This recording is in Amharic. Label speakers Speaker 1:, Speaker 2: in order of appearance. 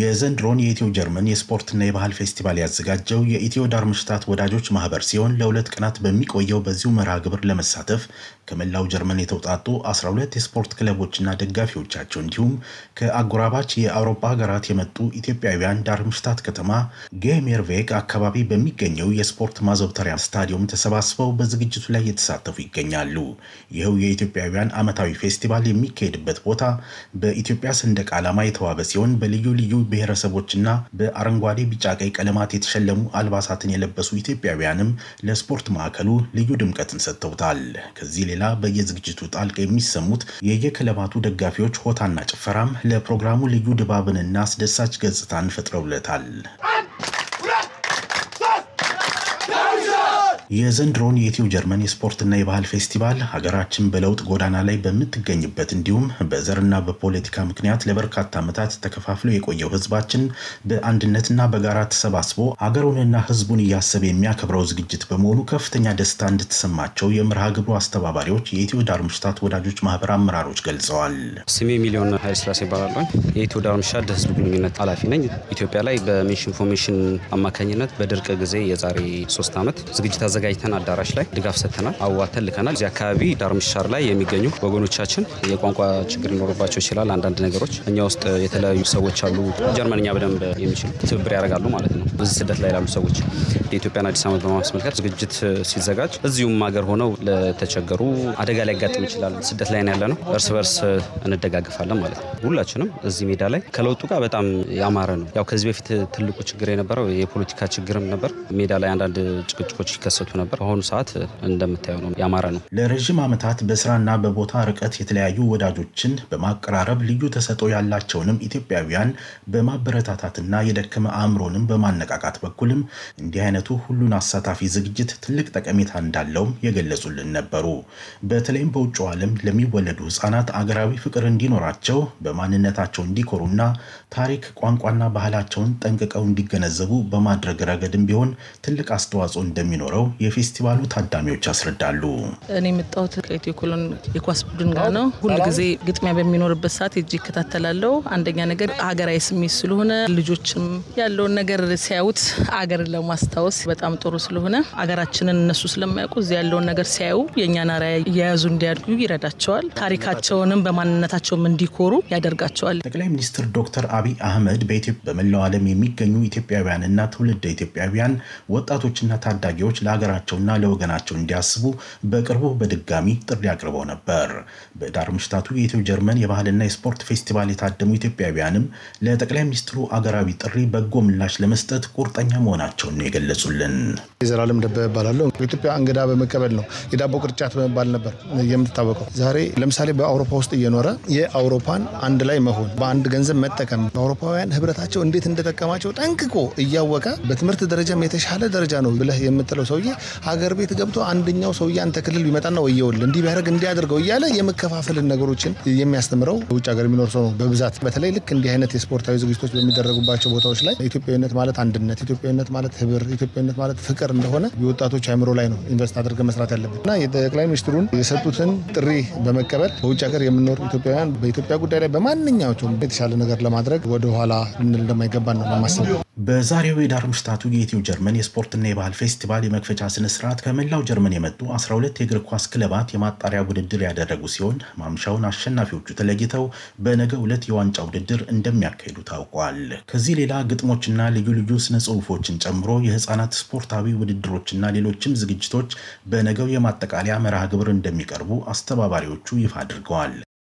Speaker 1: የዘንድሮን የኢትዮ ጀርመን የስፖርትና የባህል ፌስቲቫል ያዘጋጀው የኢትዮ ዳርምሽታት ወዳጆች ማህበር ሲሆን ለሁለት ቀናት በሚቆየው በዚሁ መርሃ ግብር ለመሳተፍ ከመላው ጀርመን የተውጣጡ 12 የስፖርት ክለቦችና ደጋፊዎቻቸው እንዲሁም ከአጎራባች የአውሮፓ ሀገራት የመጡ ኢትዮጵያውያን ዳርምሽታት ከተማ ጌሜርቬግ አካባቢ በሚገኘው የስፖርት ማዘውተሪያ ስታዲየም ተሰባስበው በዝግጅቱ ላይ የተሳተፉ ይገኛሉ። ይኸው የኢትዮጵያውያን ዓመታዊ ፌስቲቫል የሚካሄድበት ቦታ በኢትዮጵያ ሰንደቅ ዓላማ የተዋበ ሲሆን በልዩ ልዩ ብሔረሰቦችና በአረንጓዴ ቢጫ ቀይ ቀለማት የተሸለሙ አልባሳትን የለበሱ ኢትዮጵያውያንም ለስፖርት ማዕከሉ ልዩ ድምቀትን ሰጥተውታል። ከዚህ ሌላ በየዝግጅቱ ጣልቃ የሚሰሙት የየክለባቱ ደጋፊዎች ሆታና ጭፈራም ለፕሮግራሙ ልዩ ድባብንና አስደሳች ገጽታን ፈጥረውለታል። የዘንድሮን የኢትዮ ጀርመን የስፖርትና የባህል ፌስቲቫል ሀገራችን በለውጥ ጎዳና ላይ በምትገኝበት እንዲሁም በዘርና በፖለቲካ ምክንያት ለበርካታ ዓመታት ተከፋፍሎ የቆየው ህዝባችን በአንድነትና በጋራ ተሰባስቦ ሀገሩንና ህዝቡን እያሰበ የሚያከብረው ዝግጅት በመሆኑ ከፍተኛ ደስታ እንድትሰማቸው የመርሃ ግብሩ አስተባባሪዎች የኢትዮ ዳርምሽታት ወዳጆች ማህበር አመራሮች ገልጸዋል።
Speaker 2: ስሜ ሚሊዮን ኃይለ ስላሴ ይባላል። የኢትዮ ዳርምሽታት ሕዝብ ግንኙነት ኃላፊ ነኝ። ኢትዮጵያ ላይ በሚሽን ኢንፎርሜሽን አማካኝነት በድርቅ ጊዜ የዛሬ ሶስት ዓመት ዝግጅት አዘጋጅተን አዳራሽ ላይ ድጋፍ ሰጥተናል፣ አዋተን ልከናል። እዚህ አካባቢ ዳርምሻር ላይ የሚገኙ ወገኖቻችን የቋንቋ ችግር ሊኖርባቸው ይችላል። አንዳንድ ነገሮች እኛ ውስጥ የተለያዩ ሰዎች አሉ፣ ጀርመንኛ በደንብ የሚችሉ ትብብር ያደርጋሉ ማለት ነው። እዚህ ስደት ላይ ላሉ ሰዎች የኢትዮጵያን አዲስ ዓመት በማስመልከት ዝግጅት ሲዘጋጅ እዚሁም ሀገር ሆነው ለተቸገሩ አደጋ ሊያጋጥም ይችላል። ስደት ላይ ያለ ነው፣ እርስ በርስ እንደጋግፋለን ማለት ነው። ሁላችንም እዚህ ሜዳ ላይ ከለውጡ ጋር በጣም ያማረ ነው። ያው ከዚህ በፊት ትልቁ ችግር የነበረው የፖለቲካ ችግርም ነበር። ሜዳ ላይ አንዳንድ ጭቅጭቆች ይከሰ ይደሰቱ ነበር። በአሁኑ ሰዓት እንደምታየው ነው ያማረ ነው።
Speaker 1: ለረዥም ዓመታት በስራና በቦታ ርቀት የተለያዩ ወዳጆችን በማቀራረብ ልዩ ተሰጥኦ ያላቸውንም ኢትዮጵያውያን በማበረታታትና የደከመ አእምሮንም በማነቃቃት በኩልም እንዲህ አይነቱ ሁሉን አሳታፊ ዝግጅት ትልቅ ጠቀሜታ እንዳለውም የገለጹልን ነበሩ። በተለይም በውጭ ዓለም ለሚወለዱ ህጻናት አገራዊ ፍቅር እንዲኖራቸው በማንነታቸው እንዲኮሩና ታሪክ ቋንቋና ባህላቸውን ጠንቅቀው እንዲገነዘቡ በማድረግ ረገድም ቢሆን ትልቅ አስተዋጽኦ እንደሚኖረው የፌስቲቫሉ ታዳሚዎች ያስረዳሉ።
Speaker 2: እኔ የመጣሁት ከኢትዮ ኮሎን የኳስ ቡድን ጋር ነው። ሁል ጊዜ ግጥሚያ በሚኖርበት ሰዓት እጅ ይከታተላለሁ። አንደኛ ነገር ሀገራዊ ስሜት ስለሆነ ልጆችም ያለውን ነገር ሲያዩት አገር ለማስታወስ በጣም ጥሩ ስለሆነ አገራችንን እነሱ ስለማያውቁ እዚህ ያለውን ነገር ሲያዩ የእኛን አርአያ እየያዙ እንዲያድጉ ይረዳቸዋል። ታሪካቸውንም በማንነታቸውም እንዲኮሩ ያደርጋቸዋል። ጠቅላይ
Speaker 1: ሚኒስትር ዶክተር አብይ አህመድ በመላው ዓለም የሚገኙ ኢትዮጵያውያንና ትውልደ ኢትዮጵያውያን ወጣቶችና ታዳጊዎች ለ ለሀገራቸውና ለወገናቸው እንዲያስቡ በቅርቡ በድጋሚ ጥሪ አቅርበው ነበር። በዳር ምሽታቱ የኢትዮ ጀርመን የባህልና የስፖርት ፌስቲቫል የታደሙ ኢትዮጵያውያንም ለጠቅላይ ሚኒስትሩ አገራዊ ጥሪ በጎ ምላሽ ለመስጠት ቁርጠኛ መሆናቸውን ነው የገለጹልን። የዘላለም ደበበ
Speaker 3: እባላለሁ። በኢትዮጵያ እንግዳ በመቀበል ነው የዳቦ ቅርጫት በመባል ነበር የምትታወቀው። ዛሬ ለምሳሌ በአውሮፓ ውስጥ እየኖረ የአውሮፓን አንድ ላይ መሆን፣ በአንድ ገንዘብ መጠቀም፣ አውሮፓውያን ህብረታቸው እንዴት እንደጠቀማቸው ጠንቅቆ እያወቀ በትምህርት ደረጃም የተሻለ ደረጃ ነው ብለህ የምትለው ሰውዬ ሀገር ቤት ገብቶ አንደኛው ሰውዬ አንተ ክልል ቢመጣና ወየውል እንዲህ ቢያደርግ እንዲያደርገው እያለ የመከፋፈልን ነገሮችን የሚያስተምረው ውጭ ሀገር የሚኖር ሰው ነው በብዛት። በተለይ ልክ እንዲህ አይነት የስፖርታዊ ዝግጅቶች በሚደረጉባቸው ቦታዎች ላይ ኢትዮጵያዊነት ማለት አንድነት፣ ኢትዮጵያዊነት ማለት ህብር፣ ኢትዮጵያዊነት ማለት ፍቅር እንደሆነ የወጣቶች አይምሮ ላይ ነው ኢንቨስት አድርገ መስራት ያለብን እና የጠቅላይ ሚኒስትሩን የሰጡትን ጥሪ በመቀበል በውጭ ሀገር የምኖር ኢትዮጵያውያን በኢትዮጵያ ጉዳይ ላይ በማንኛቸውም የተሻለ ነገር ለማድረግ ወደኋላ ልንል
Speaker 1: እንደማይገባ ነው ማሰብ በዛሬው የዳር የኢትዮ ጀርመን የስፖርትና የባህል ፌስቲቫል የመክፈቻ የመክፈቻ ስነስርዓት ከመላው ጀርመን የመጡ 12 የእግር ኳስ ክለባት የማጣሪያ ውድድር ያደረጉ ሲሆን ማምሻውን አሸናፊዎቹ ተለይተው በነገ ሁለት የዋንጫ ውድድር እንደሚያካሂዱ ታውቋል። ከዚህ ሌላ ግጥሞችና ልዩ ልዩ ስነ ጽሁፎችን ጨምሮ የህፃናት ስፖርታዊ ውድድሮችና ሌሎችም ዝግጅቶች በነገው የማጠቃለያ መርሃ ግብር እንደሚቀርቡ አስተባባሪዎቹ ይፋ
Speaker 3: አድርገዋል።